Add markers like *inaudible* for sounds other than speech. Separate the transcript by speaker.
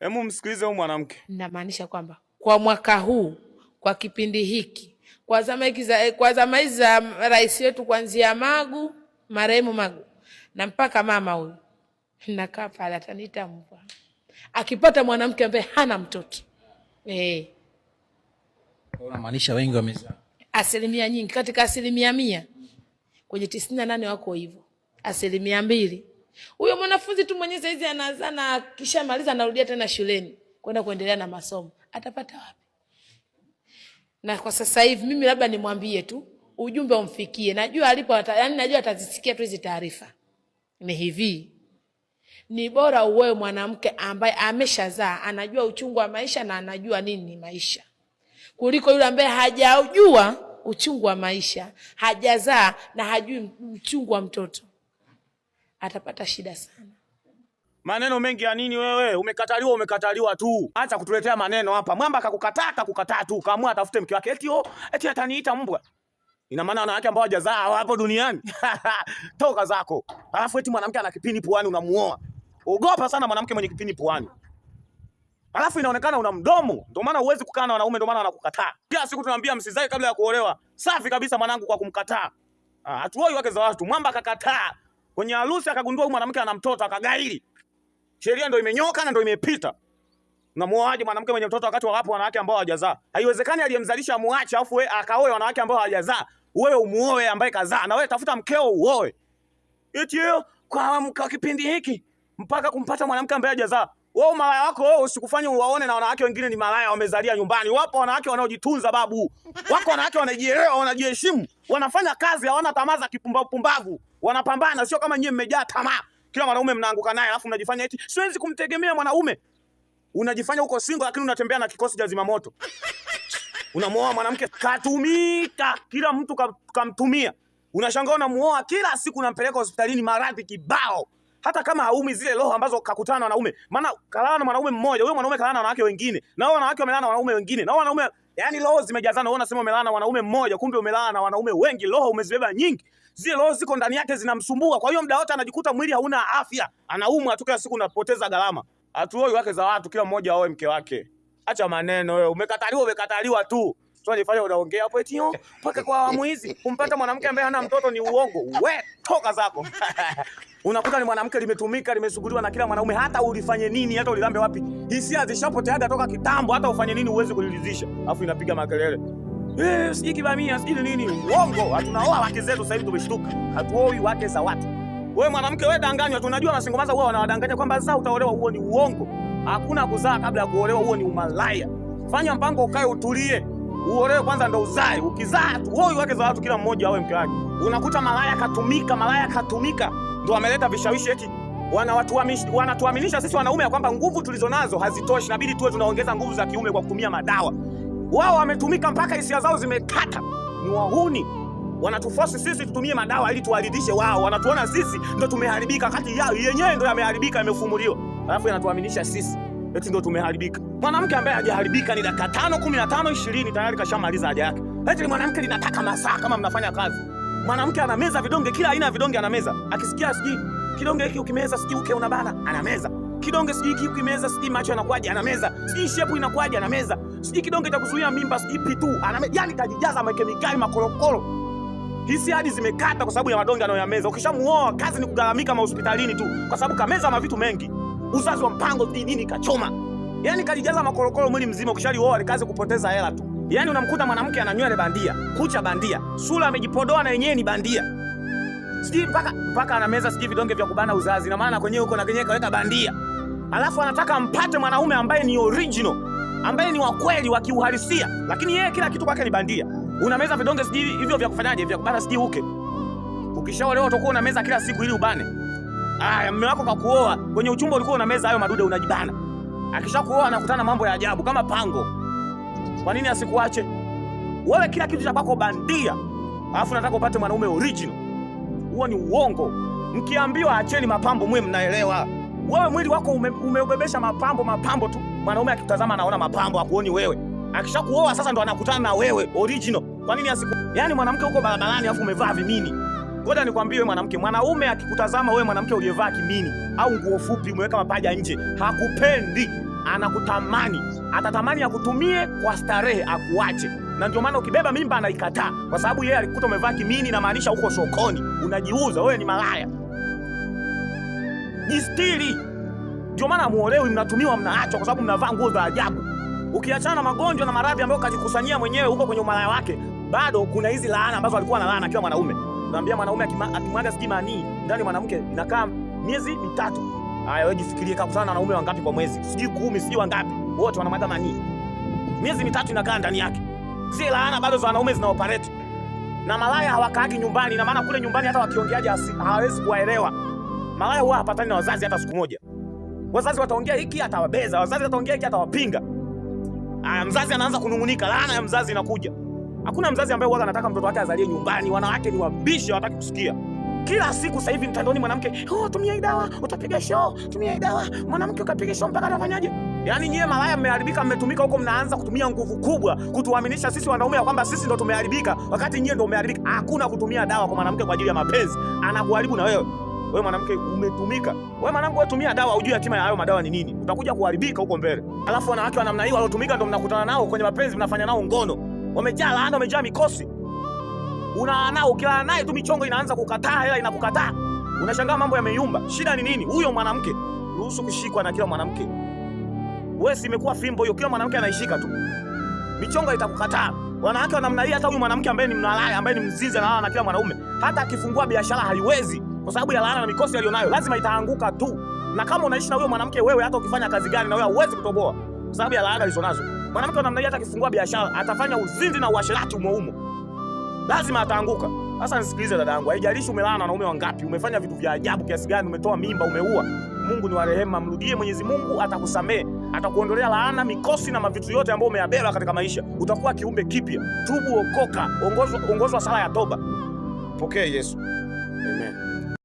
Speaker 1: Hebu msikilize huyu mwanamke.
Speaker 2: Namaanisha kwamba kwa mwaka huu, kwa kipindi hiki, kwa zama hizi za, kwa zama hizi za rais wetu kuanzia Magu, marehemu Magu na mpaka mama huyu, nakaa pale ataniita mbwa akipata mwanamke ambaye hana mtoto eh.
Speaker 1: Namaanisha wengi wamezaa,
Speaker 2: asilimia nyingi, katika asilimia mia kwenye tisini na nane wako hivyo, asilimia mbili huyo mwanafunzi tu mwenye saizi anaanza na maliza anarudia tena shuleni kwenda kuendelea na masomo, atapata wapi? Na kwa sasa hivi mimi labda nimwambie tu ujumbe umfikie, najua alipo, yaani najua atazisikia tu hizi taarifa. Ni hivi, ni bora uwe mwanamke ambaye ameshazaa, anajua uchungu wa maisha na anajua nini ni maisha, kuliko yule ambaye hajaujua uchungu wa maisha, hajazaa na hajui uchungu wa mtoto atapata shida sana.
Speaker 1: Maneno mengi ya nini wewe? Umekataliwa, umekataliwa tu. Acha kutuletea maneno hapa. Mwamba akakukataa, akakukataa tu. Kaamua atafute mke wake. Eti oh, eti ataniita mbwa. Ina maana wanawake ambao hawajazaa hapo duniani. *laughs* Toka zako. Alafu eti mwanamke ana kipini puani unamuoa. Ogopa sana mwanamke mwenye kipini puani. Alafu inaonekana una mdomo. Ndio maana huwezi kukaa na wanaume, ndio maana wanakukataa. Kila siku tunaambia msizae kabla ya kuolewa. Safi kabisa mwanangu kwa kumkataa. Ah, hatuoi wake za watu. Mwamba akakataa. Kwenye harusi akagundua huyu mwanamke ana mtoto akagairi. Sheria ndio imenyoka na ndio imepita. Na muoaje mwanamke mwenye mtoto wakati wapo wanawake ambao hawajazaa? Haiwezekani aliyemzalisha muache afu wewe akaoe wanawake ambao hawajazaa. Wewe umuoe ambaye kazaa na wewe tafuta mkeo uoe. Eti kwa mka kipindi hiki mpaka kumpata mwanamke ambaye hajazaa. Wewe malaya wako wewe usikufanye uwaone na wanawake wengine ni malaya wamezalia nyumbani. Wapo wanawake wanaojitunza babu. Wako wanawake wanajielewa, wanajiheshimu, wanafanya kazi, hawana tamaa za kipumbavu pumbavu wanapambana, sio kama nyie mmejaa tamaa, kila mwanaume mnaanguka naye, alafu mnajifanya eti siwezi kumtegemea mwanaume. Unajifanya uko single, lakini unatembea na kikosi cha zimamoto. Unamuoa mwanamke katumika, kila mtu kamtumia, unashangaa unamuoa, kila siku unampeleka hospitalini, maradhi kibao hata kama haumi zile roho ambazo kakutana na wanaume. Maana kalala na mwanaume mmoja, huyo mwanaume kalala na wanawake wengine, na hao wanawake wamelala na wanaume wengine, na hao wanaume, yani roho zimejazana. Wewe unasema umelala na wanaume mmoja, kumbe umelala na wanaume wengi, roho umezibeba nyingi. Zile roho ziko ndani yake zinamsumbua, kwa hiyo muda wote anajikuta mwili hauna afya, anaumwa tu kila siku, unapoteza gharama. Hatuoi wake za watu, kila mmoja aoe mke wake. Acha maneno wewe, umekataliwa umekataliwa tu tunajifanya unaongea hapo eti oh, mpaka kwa awamu hizi kumpata mwanamke ambaye hana mtoto ni uongo. We toka zako *laughs* unakuta ni mwanamke limetumika, limesuguliwa na kila mwanaume, hata ulifanye nini, hata ulilambe wapi, hisia zishapotea toka kitambo, hata ufanye nini uweze kulilizisha, afu inapiga makelele eh, sijui kibamia, sijui nini. Uongo, hatunaoa wake zetu sasa hivi, tumeshtuka, hatuoi wake za watu. We mwanamke, we danganywa, tunajua masingomaza huwa wanawadanganya kwamba zaa utaolewa. Huo ni uongo. Hakuna kuzaa kabla ya kuolewa, huo ni umalaya. Fanya mpango, ukae utulie uolewe kwanza ndo uzae. Ukizaa tu hoi wake za watu, kila mmoja awe mke wake. Unakuta malaya katumika, malaya katumika, ndo ameleta vishawishi eti wanatuaminisha sisi wanaume ya kwamba nguvu tulizonazo hazitoshi, inabidi tuwe tunaongeza nguvu za kiume kwa kutumia madawa. Wao wametumika mpaka hisia zao zimekata. Ni wahuni, Wanatufosi sisi tutumie madawa ili tuwaridhishe wao. Wanatuona sisi ndo tumeharibika, kati yao yenyewe ndo yameharibika, yamefumuliwa, alafu yanatuaminisha sisi eti ndo tumeharibika. Mwanamke ambaye hajaharibika ni dakika tano, kumi na tano, ishirini tayari kashamaliza haja yake. Eti mwanamke linataka masaa kama mnafanya kazi. Mwanamke anameza vidonge, kila aina ya vidonge anameza. Akisikia sijui kidonge hiki ukimeza sijui uke unabana, anameza. Kidonge sijui hiki ukimeza sijui macho yanakuwaje, anameza. Sijui shepu inakuwaje, anameza. Sijui kidonge cha kuzuia mimba sijui P2, anameza. Yaani kajijaza makemikali makorokoro. Hisi hadi zimekata kwa sababu ya madonge anayoyameza. Ukishamuoa kazi ni kugharamika mahospitalini tu kwa sababu kameza mavitu mengi uzazi wa mpango sijui nini kachoma, yani kalijaza makorokoro mwili mzima. Ukishalioa likaanza kupoteza hela tu. Yani unamkuta mwanamke ana nywele bandia, kucha bandia, sura amejipodoa na yenyewe ni bandia, sijui mpaka mpaka anameza sijui vidonge vya kubana uzazi, na maana kwenyewe huko na kwenyewe kaweka bandia, alafu anataka mpate mwanaume ambaye ni original, ambaye ni wa kweli wa kiuhalisia, lakini yeye kila kitu kwake ni bandia. Unameza vidonge sijui hivyo vya kufanyaje, vya kubana sijui uke. Ukishaolewa utakuwa unameza kila siku ili ubane. Ah, mume wako kwa kuoa kwenye uchumba, ulikuwa una meza hayo madude, unajibana. Akishakuoa anakutana mambo ya ajabu kama pango. Kwa nini asikuache wewe? Kila kitu cha kwako bandia, alafu nataka upate mwanaume original. Huo ni uongo. Mkiambiwa acheni mapambo, mwe mnaelewa. Wewe mwili wako ume, umeubebesha mapambo mapambo tu. Mwanaume akitazama anaona mapambo, hakuoni wewe. Akishakuoa sasa ndo anakutana na wewe original. Kwa nini asiku... yaani mwanamke huko barabarani, alafu umevaa vimini Ngoja nikwambie mwanamke, mwanaume akikutazama wewe mwanamke uliyevaa kimini au nguo fupi, umeweka mapaja nje, hakupendi, anakutamani, atatamani akutumie kwa starehe, akuache. Na ndio maana ukibeba mimba anaikataa, kwa sababu yeye alikuta umevaa kimini, na maanisha uko sokoni unajiuza, wewe ni malaya. Jistiri. Ndio maana muolewi, mnatumiwa, mnaachwa, kwa sababu mnavaa nguo za ajabu. Ukiachana na magonjwa na maradhi ambayo kajikusanyia mwenyewe huko kwenye umalaya wake, bado kuna hizi laana ambazo alikuwa na laana akiwa mwanaume. Naambia mwanaume akimwaga mani ndani mwanamke inakaa miezi mitatu. Haya wewe jifikirie kakutana na wanaume wangapi kwa mwezi? Sijui kumi, sijui wangapi. Wote wanamwaga mani. Miezi mitatu inakaa ndani yake. Zile laana bado za wanaume zina operate. Na malaya hawakaagi nyumbani, na maana kule nyumbani hata wakiongeaje hawawezi kuwaelewa. Malaya huwa hapatani na wazazi hata siku moja. Wazazi wataongea hiki atawabeza, wazazi wataongea hiki atawapinga. Aya, mzazi anaanza kunung'unika, laana ya mzazi inakuja. Hakuna mzazi ambaye huwa anataka mtoto wake azalie nyumbani. Wanawake ni wabishi, hawataki kusikia. Kila siku sasa hivi mtandaoni mwanamke, oh, tumia hii dawa utapiga show, tumia hii dawa mwanamke ukapiga show mpaka anafanyaje? Yaani nyie malaya mmeharibika, mmetumika huko, mnaanza kutumia nguvu kubwa kutuaminisha sisi wanaume ya kwamba sisi ndo tumeharibika, wakati nyie ndo umeharibika. Hakuna kutumia dawa kwa mwanamke kwa ajili ya mapenzi, anakuharibu na wewe. Wewe mwanamke umetumika. Wewe mwanangu, wewe tumia dawa, ujue hatima ya hayo madawa ni nini, utakuja kuharibika huko mbele. Alafu wanawake wa namna hiyo waliotumika ndo mnakutana nao kwenye mapenzi, mnafanya nao ngono wamejaa laana, wamejaa mikosi. Unaana, ukilala naye tu michongo inaanza kukataa, hela inakukataa, unashangaa mambo yameyumba. Shida ni nini? Huyo mwanamke ruhusu kushikwa na kila mwanamke. Wewe si imekuwa fimbo hiyo, kila mwanamke anaishika tu, michongo itakukataa. Wanawake wa namna hii, hata huyu mwanamke ambaye ni mlalaya, ambaye ni mzizi, analala na kila mwanaume, hata akifungua biashara haiwezi kwa sababu ya laana na mikosi aliyonayo, lazima itaanguka tu. Na kama unaishi na huyo mwanamke, wewe hata ukifanya kazi gani na wewe hauwezi kutoboa kwa sababu ya laana alizonazo. Mwanamke wa namna hiyo hata akifungua biashara atafanya uzinzi na uasherati umoumo, lazima ataanguka. Sasa nisikilize dada yangu, haijalishi umelala na wanaume wangapi, umefanya vitu vya ajabu kiasi gani, umetoa mimba, umeua. Mungu ni wa rehema, mrudie Mwenyezi Mungu, atakusamehe atakuondolea laana, mikosi na mavitu yote ambayo umeyabeba katika maisha. Utakuwa kiumbe kipya. Tubu, okoka, ongozwa, ongozwa sala ya toba. Pokea Yesu,
Speaker 3: amen.